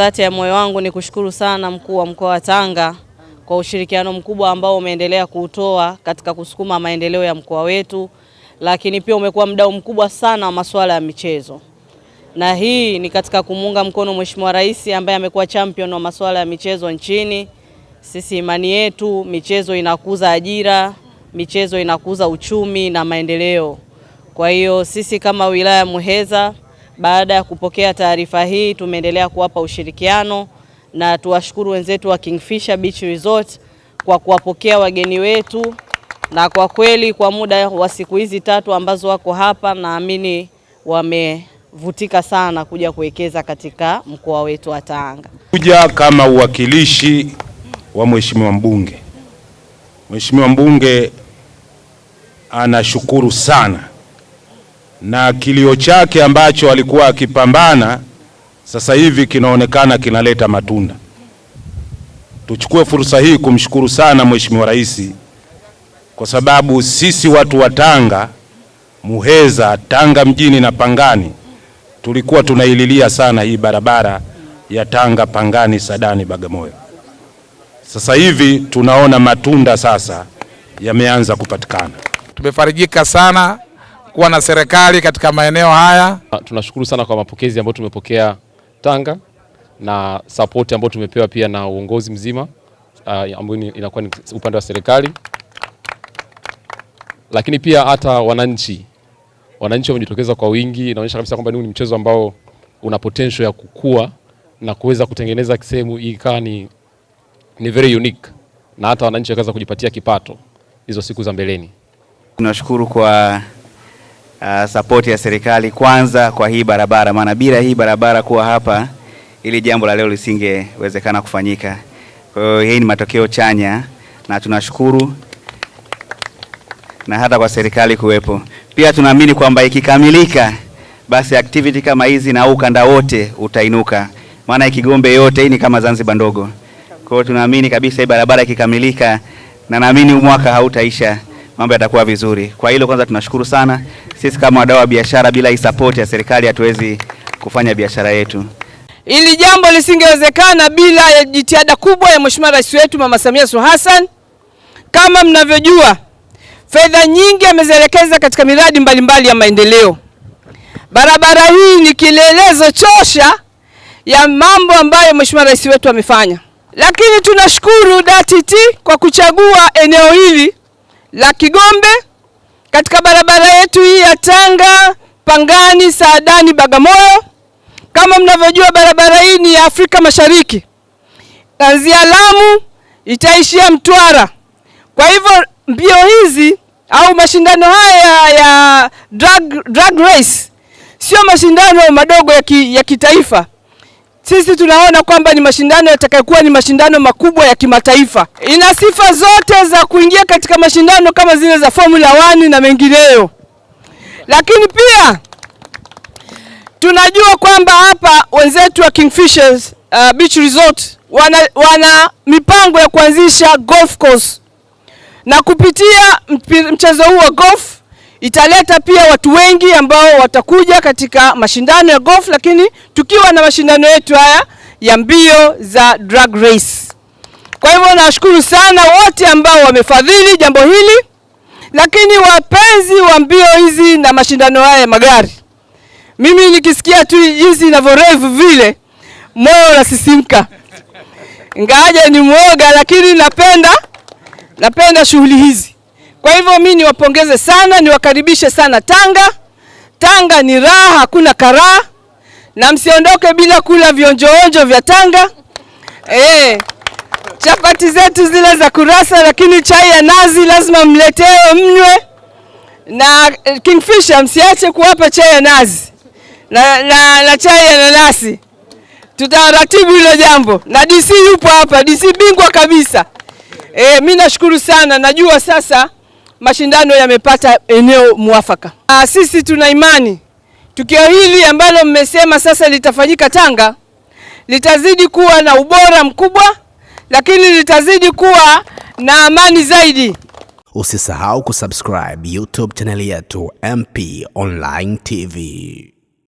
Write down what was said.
Dhati ya moyo wangu ni kushukuru sana mkuu wa mkoa wa Tanga kwa ushirikiano mkubwa ambao umeendelea kuutoa katika kusukuma maendeleo ya mkoa wetu, lakini pia umekuwa mdau mkubwa sana wa masuala ya michezo, na hii ni katika kumuunga mkono Mheshimiwa Rais ambaye amekuwa champion wa masuala ya michezo nchini. Sisi imani yetu michezo inakuza ajira, michezo inakuza uchumi na maendeleo. Kwa hiyo sisi kama wilaya Muheza baada ya kupokea taarifa hii, tumeendelea kuwapa ushirikiano na tuwashukuru wenzetu wa Kingfisher Beach Resort kwa kuwapokea wageni wetu, na kwa kweli kwa muda wa siku hizi tatu ambazo wako hapa, naamini wamevutika sana kuja kuwekeza katika mkoa wetu wa Tanga. Kuja kama uwakilishi wa mheshimiwa mbunge, mheshimiwa mbunge anashukuru sana na kilio chake ambacho alikuwa akipambana sasa hivi kinaonekana kinaleta matunda. Tuchukue fursa hii kumshukuru sana Mheshimiwa Rais kwa sababu sisi watu wa Tanga, Muheza, Tanga mjini na Pangani tulikuwa tunaililia sana hii barabara ya Tanga Pangani Sadani Bagamoyo. Sasa hivi tunaona matunda sasa yameanza kupatikana. Tumefarijika sana kuwa na serikali katika maeneo haya. Ah, tunashukuru sana kwa mapokezi ambayo tumepokea Tanga na sapoti ambayo tumepewa pia na uongozi mzima ah, ambayo inakuwa ni upande wa serikali, lakini pia hata wananchi wananchi wamejitokeza kwa wingi. Inaonyesha kabisa kwamba ni mchezo ambao una potential ya kukua na kuweza kutengeneza sehemu hii ikawa ni, ni very unique na hata wananchi wakaweza kujipatia kipato hizo siku za mbeleni. Tunashukuru kwa uh, ah, sapoti ya serikali kwanza kwa hii barabara, maana bila hii barabara kuwa hapa ili jambo la leo lisingewezekana kufanyika. Kwa hiyo hii ni matokeo chanya na tunashukuru na hata kwa serikali kuwepo. Pia tunaamini kwamba ikikamilika, basi activity kama hizi na ukanda wote utainuka, maana Ikigombe yote hii ni kama Zanzibar ndogo. Kwa hiyo tunaamini kabisa hii barabara ikikamilika, na naamini mwaka hautaisha mambo yatakuwa vizuri. Kwa hilo kwanza tunashukuru sana. Sisi kama wadau wa biashara, bila hii support ya serikali hatuwezi kufanya biashara yetu. Hili jambo lisingewezekana bila ya jitihada kubwa ya Mheshimiwa Rais wetu Mama Samia Suluhu Hassan. Kama mnavyojua, fedha nyingi amezielekeza katika miradi mbalimbali mbali ya maendeleo. Barabara hii ni kielelezo chosha ya mambo ambayo Mheshimiwa Rais wetu amefanya, lakini tunashukuru DART kwa kuchagua eneo hili la Kigombe katika barabara yetu hii ya Tanga Pangani Saadani Bagamoyo. Kama mnavyojua barabara hii ni ya Afrika Mashariki, kuanzia Lamu itaishia Mtwara. Kwa hivyo mbio hizi au mashindano haya ya drag, drag race sio mashindano madogo ya, ki, ya kitaifa sisi tunaona kwamba ni mashindano yatakayokuwa ni mashindano makubwa ya kimataifa. Ina sifa zote za kuingia katika mashindano kama zile za Formula 1 na mengineyo, lakini pia tunajua kwamba hapa wenzetu wa Kingfishers uh, Beach Resort wana, wana mipango ya kuanzisha golf course na kupitia mchezo huu wa golf italeta pia watu wengi ambao watakuja katika mashindano ya golf, lakini tukiwa na mashindano yetu haya ya mbio za drag race. Kwa hivyo nawashukuru sana wote ambao wamefadhili jambo hili, lakini wapenzi wa mbio hizi na mashindano haya ya magari, mimi nikisikia tu jinsi inavyorevu vile, moyo unasisimka, ingawaje ni mwoga, lakini napenda napenda shughuli hizi. Kwa hivyo mi niwapongeze sana, niwakaribishe sana Tanga. Tanga ni raha, hakuna karaa, na msiondoke bila kula vionjoonjo vya Tanga e, chapati zetu zile za kurasa, lakini chai ya nazi lazima mletewe mnywe, na eh, Kingfisher msiache kuwapa chai ya nazi na, na, na chai ya nanasi. Tutaratibu hilo jambo, na DC yupo hapa, DC bingwa kabisa. E, eh, mi nashukuru sana, najua sasa mashindano yamepata eneo mwafaka. Aa, ah, sisi tuna imani tukio hili ambalo mmesema sasa litafanyika Tanga litazidi kuwa na ubora mkubwa, lakini litazidi kuwa na amani zaidi. Usisahau kusubscribe YouTube chaneli yetu MP Online TV.